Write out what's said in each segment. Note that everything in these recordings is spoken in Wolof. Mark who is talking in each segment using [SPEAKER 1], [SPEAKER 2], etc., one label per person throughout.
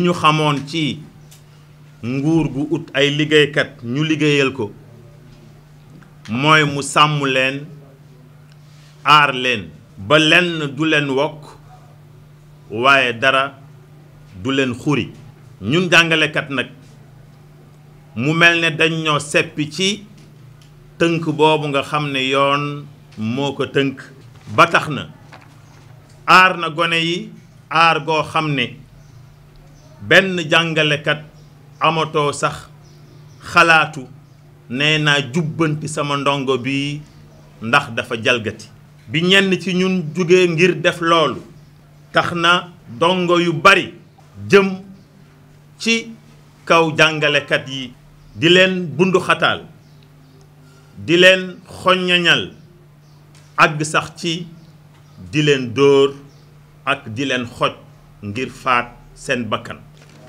[SPEAKER 1] li ñu xamoon ci nguur gu ut ay liggéeykat ñu liggéeyal ko mooy mu sàmm leen aar leen ba lenn du leen wokk waaye dara du leen xuri ñun jàngalekat nag mu mel ne dañ seppi ci tënk boobu nga xam ne yoon moo ko tënk ba tax na aar na gone yi aar goo xam ne benn jàngalekat amatoo sax xalaatu nee naa jubbanti sama ndongo bi ndax dafa jalgati bi ñenn ci ñun jóge ngir def loolu tax na dongo yu bari jëm ci kaw jàngalekat yi di leen bunduxataal di leen xoññañal àgg sax ci di leen dóor ak di leen xoj ngir faat seen bakkan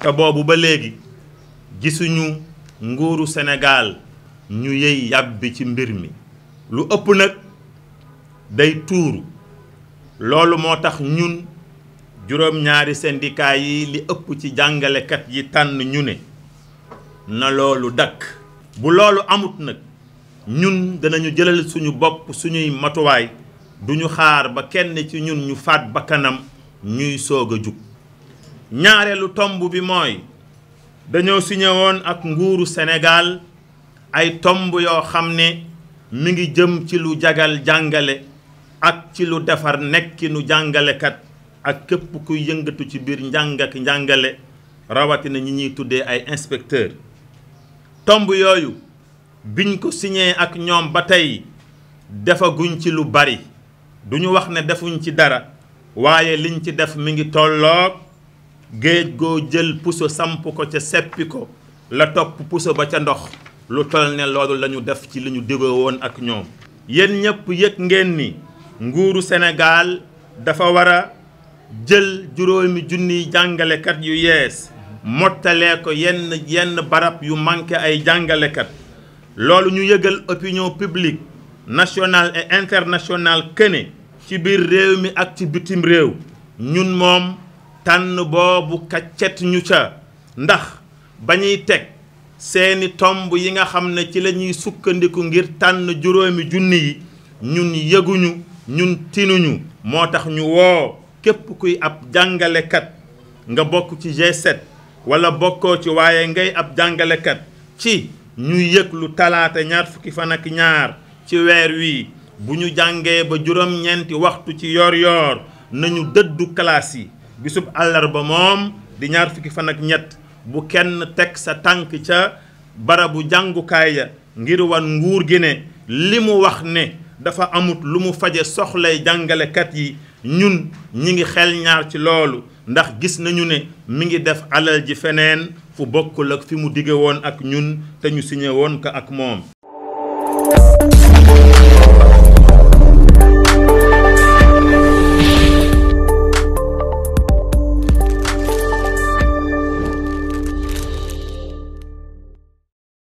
[SPEAKER 1] te boobu ba léegi gisuñu nguuru senegaal ñu yëy yàbbi ci mbir mi lu ëpp nag day tuuru loolu moo tax ñun juróom-ñaari syndicat yi li ëpp ci jàngalekat yi tànn ñu ne na loolu dakk bu loolu amut nag ñun danañu jëlal suñu bopp suñuy matuwaay duñu xaar ba kenn ci ñun ñu faat bakkanam ñuy soog a jug ñaareelu tomb bi mooy dañoo signé woon ak nguuru senegaal ay tomb yoo xam ne mu ngi jëm ci lu jagal jàngale ak ci lu defar nekkinu jàngalekat ak képp kuy yëngatu ci biir njàng ak njàngale rawatina ñi ñuy tuddee ay inspecteur tomb yooyu biñ ko signé ak ñoom ba tey defaguñ ci lu bari duñu wax ne defuñ ci dara waaye liñ ci def mi ngi tolloog géej goo jël puso samp ko ca seppi ko la topp puso ba ca ndox lu tol ne loolu lañu def ci li ñu digoo woon ak ñoom yéen ñëpp yëg ngeen ni nguuru Sénégal dafa war a jël juróomi junniy jàngalekat yu yees mottalee ko yenn yenn barab yu manqué ay jàngalekat loolu ñu yëgal opinion publique nationale et internationale këne ci biir réew mi ak ci bitim réew ñun moom tànn boobu kaccet ñu ca ndax bañuy teg seeni tomb yi nga xam ne ci la ñuy sukkandiku ngir tànn juróomi junni yi ñun yëguñu ñun tinuñu moo tax ñu woo képp kuy ab jàngalekat nga bokk ci G7 wala bokkoo ci waaye ngay ab jàngalekat ci ñu yëg lu talaata ñaar fukki fan ak ñaar ci weer bu ñu jàngee ba juróom-ñeenti waxtu ci yor-yor nañu dëddu classe yi bisub àllarba moom di ñaar fukki fan ak ñett bu kenn teg sa tànk ca barabu jàngukaay ya ngir wan nguur gi ne li mu wax ne dafa amut lu mu faje soxlay jàngalekat yi ñun ñi ngi xel ñaar ci loolu ndax gis nañu ne mi ngi def alal ji feneen fu bokkul ak fi mu dige woon ak ñun te ñu signé woon ko ak moom